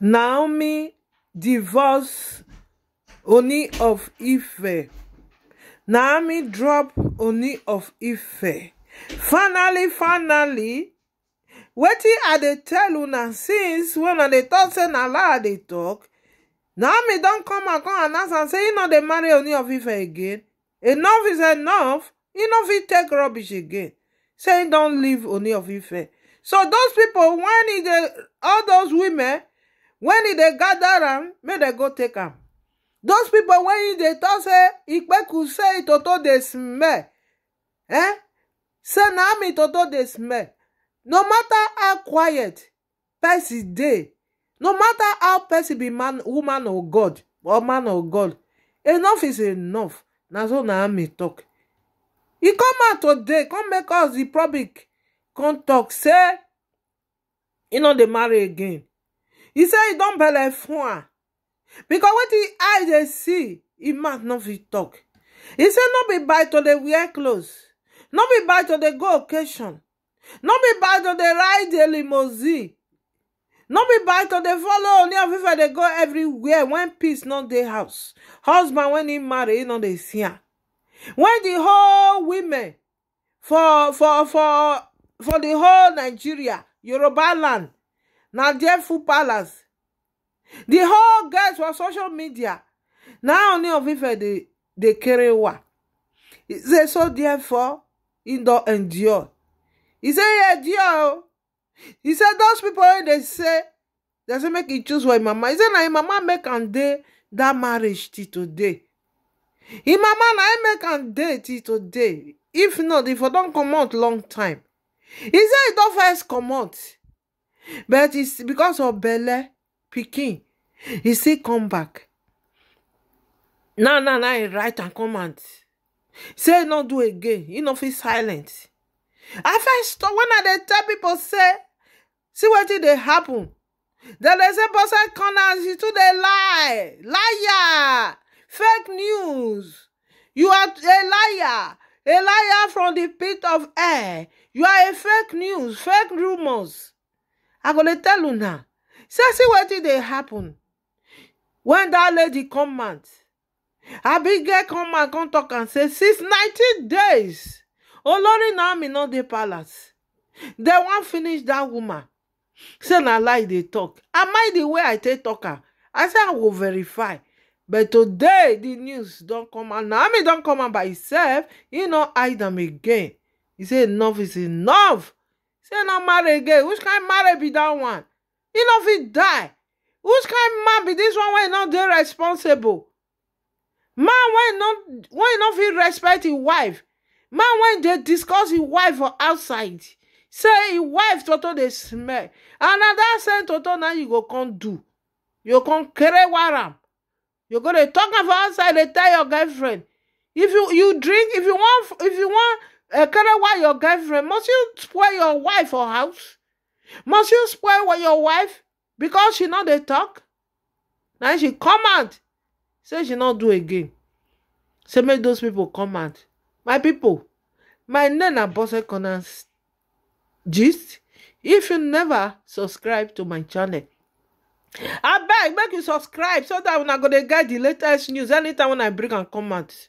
Naomi divorced Oni of Ife. Naomi dropped Oni of Ife. Finally, finally, wetin I dey tell una since when they talk say na lie I talk, Naomi don't come and come and am say e no dey marry Oni of Ife again. Enough is enough. E no fit take rubbish again. Say don't e don leave Oni of Ife. So those people, when e dey all those women wen e dey gather am make dem go take am those pipo wey e dey tok say ikpeku say itoto dey smell eh say na am itoto dey smell no mata how quiet pesin dey no mata how pesin be man woman or god or man or god enough is enough na so na am tok e come out today come make us di public come tok say e no dey marry again e say e don belle fun ah. because becos wetin eye dey see e mouth no fit talk. e say no be by to dey wear clothes no be by to dey go occasion no be by to dey ride the limousine no be by to dey follow only of ife dey go everywhere When peace no dey house husband wen he marry e no dey see am wen di whole women for for for for the whole nigeria yoruba land na there full palace the whole guys for social media na only of if dey dey carry wa he say so therefore he don endure he say he endure o he say those people wey dey say dey say make he choose for him mama he say na him mama make am dey that marriage till today him mama na him make am dey till today if not e for don comot long time he say he don first comot but it's because of belle pikin He still come back now now now he write and comment say e no do again He no fit silent i first stop wen i dey tell pipo say see wetin dey happen dem dey say person corner You too dey lie liar fake news you are a liar a liar from the pit of air you are a fake news fake rumours i gonna dey tell una say see what did they happen When that lady come big abigail come and come talk and say since 19 days olori me not the palace They won't finish that woman say na lie they talk, am i the way i take talker. i say i will verify but today the news don't come out naomi don't come out by herself You know, hide am again He say enough is enough say na marry again which kind marry be that one He no fit die which kind man be this one wey no dey responsible man wey no fit respect his wife man wey dey discuss his wife for outside say his wife toto dey smell and na dat same toto na you go come do you come carry am you go dey talk am for outside dey tell your girlfriend if you you drink if you wan if you wan Ekere, why your girlfriend? Must you spoil your wife or house? Must you spoil what your wife because she not dey talk? Now she come out say she not do again. Say make those people come out. My people, my name na Bose Corners Gist. If you never subscribe to my channel, I beg make you subscribe so that when I go dey get the latest news anytime when I bring and comment.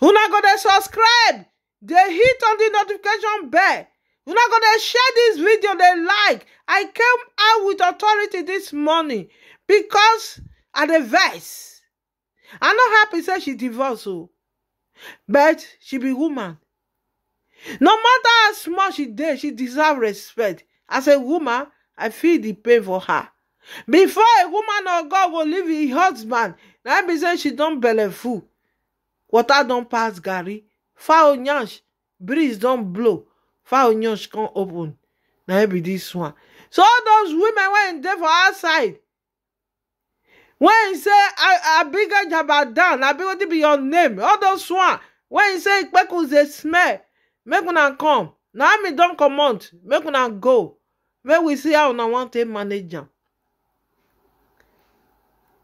Who not go dey subscribe. They hit on the notification bell You're not gonna share this video They like i came out with authority this morning because i dey vex I'm not happy say she divorced, o oh. but she be woman no matter how small she did, she deserve respect as a woman i feel the pain for her before a woman or god will leave her husband na be say she don belle full water don't pass Gary fowl yansh breeze don blow fowl yansh come open na be this one so all those women wey dey for outside when say abiga jabadan abi wetin be your name all those one when say ikpekun dey smell make una come na army e don comot make una go make we see how una wan take manage am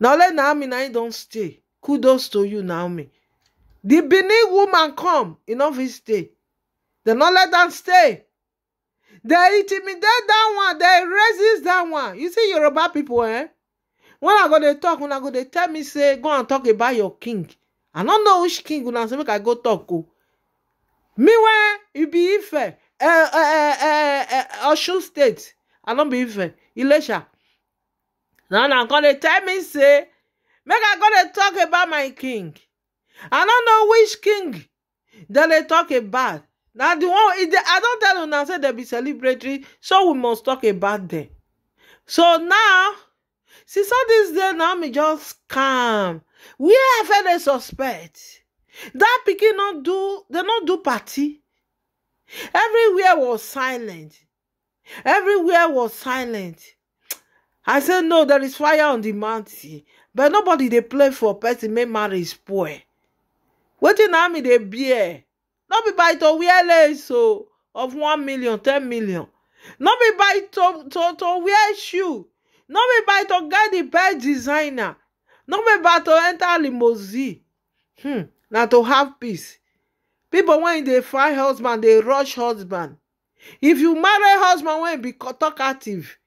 na only naomi na im don stay kudos to you naomi The Benin woman come, e no fit stay. They no let them stay. They intimidate that one, They resist that one. You see Yoruba people, eh? When I go to talk, when I go to tell me say go and talk about your king. I don't know which king When I say make I go talk o. Oh. Me wey e be Ife, eh, eh, eh, Osun state, I don't be Ife, Ilesha. Now una go to tell me say make I go to talk about my king i don't know which king dem dey talk about Now the one e dey i don't tell you now. say dem be celebratory so we must talk about dem so now since all this day now, me just calm We have any suspect that pikin not do they not do party everywhere was silent everywhere was silent i said no there is fire on the mountain but nobody they play for person make marriage spoil wetin na army dey bear no be by to wear lace o of one million ten million no be by to to to wear shoe no be by to get the best designer no be by to enter limousine hmm, na to have peace People wey dey find husband dey rush husband if you marry husband wey be talkative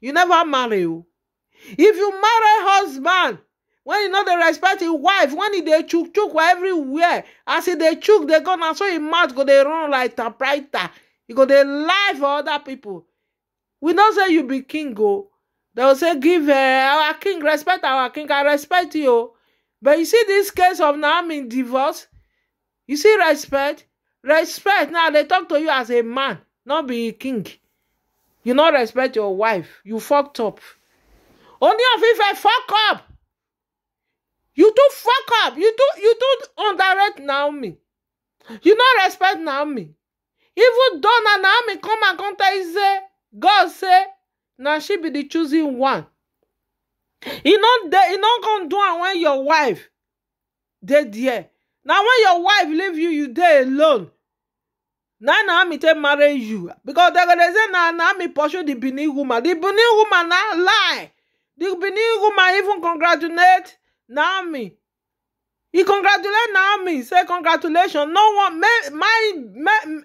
you never marry o if you marry husband when e no dey respect him wife when e dey chook chook everywhere as e dey chook dey go na so him mouth go dey run like typewriter e go dey lie for other people. we know say you be king o They go say give eh, our king respect our king i respect you o but you see this case of naomi divorce you see respect respect now they talk to you as a man not be king you no respect your wife you fucked up only of ife fuck up you too fuck up you too you too underrate naomi you no respect naomi even though na naomi come and come tell you say god say now she be the choosing one e no dey e not gonna do am when your wife dead here. Now when your wife leave you you there alone now naomi take marry you because dem go dey say na naomi pursue the bini woman the bini woman now lie the bini woman even congratulate Naomi. He congratulated Naomi, say congratulations. No one may, my,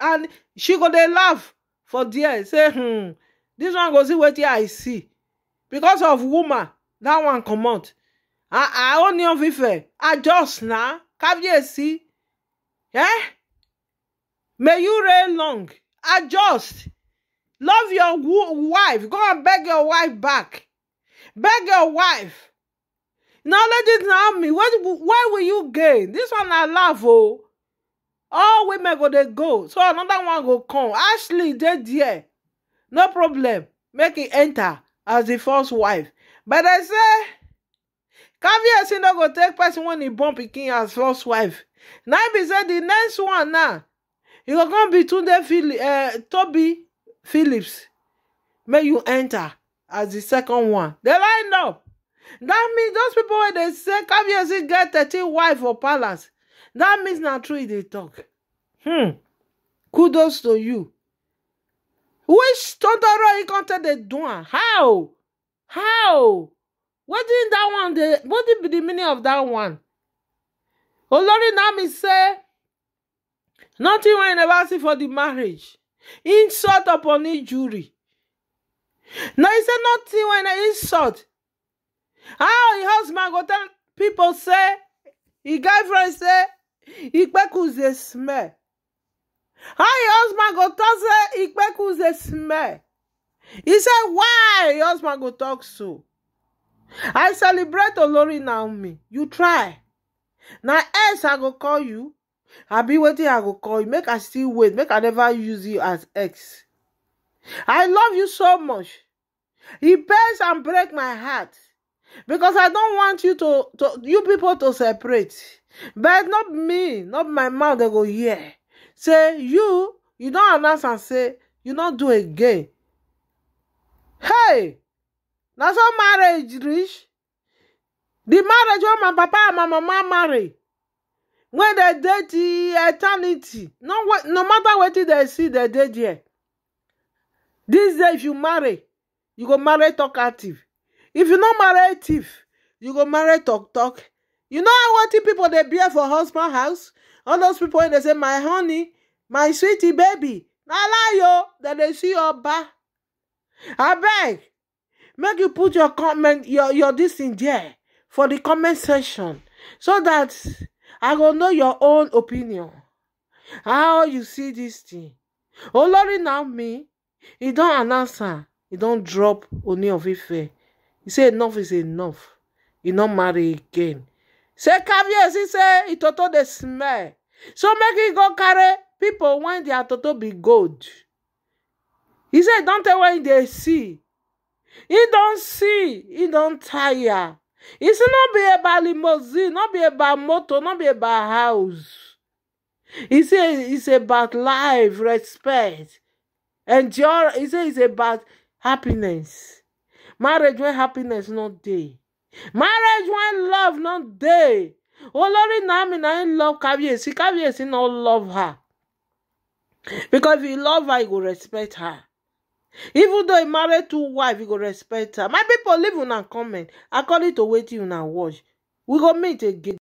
and she go dey laugh for dear. Say, hmm, this one goes see wetin I see. Because of woman, that one comot. I I only of Ife. I just now. see? Yeah. May you reign long. Adjust. Love your wife. Go and beg your wife back. Beg your wife knowledge is not me what why will you gain this one na laugh oh, all women go dey go so another one go come ashley dead there no problem make e enter as the first wife but I say caviarcy no go take person when he born pikin as first wife Now im be say di next one now e go come be Uh, toby phillips may you enter as the second one They line up that means those people wey they say kabiyesi get thirteen wife or palace that means not true they e talk hmm kudos to you which tontoro he counted the dey How? how What did that one What did be the meaning of that one Oh olori now me say nothing when never see for the marriage insult upon injury Now e say nothing when I insult how im husband go tell pipo say im girlfriend say ikpekus dey smell how im husband go talk say ikpekus dey smell He say why im husband go talk so i celebrate olori naomi you try Now x i go call you I be waiting. i go call you make i still wait make i never use you as ex? i love you so much He pains and break my heart because i don't want you to to you people to separate but not me not my mouth They go hear say you you don't announce and say you no do again hey that's so marriage rich. The marriage wey my papa and my mama marry when they dey di eternity no no matter wetin they see they dey there dis day if you marry you go marry talkative if you no marry thief you go marry talk talk you know how wetin people they bear for husband house all those people wey dey say my honey my sweetie baby na lie yo. dem they see your I beg, make you put your comment your your this in there for the comment section so that i will know your own opinion how you see this thing. Oh olori now me he don't announce am e don drop oni of ife he said, enough is enough he not marry again say he say e toto dey smell so make e go carry pipo wen dia toto be gold He say 'Don't tell when they see He don't see He don't tire e say no be about limousine Not be about motor Not be about house He say it's about life respect endure He say it's about happiness marriage when happiness not dey marriage when love not dey olori naomi na im love kabiyesi kabiyesi no love her because if he love her he go respect her even though he marry two wife he go respect her my people, leave una comment according to wetin una watch we go meet again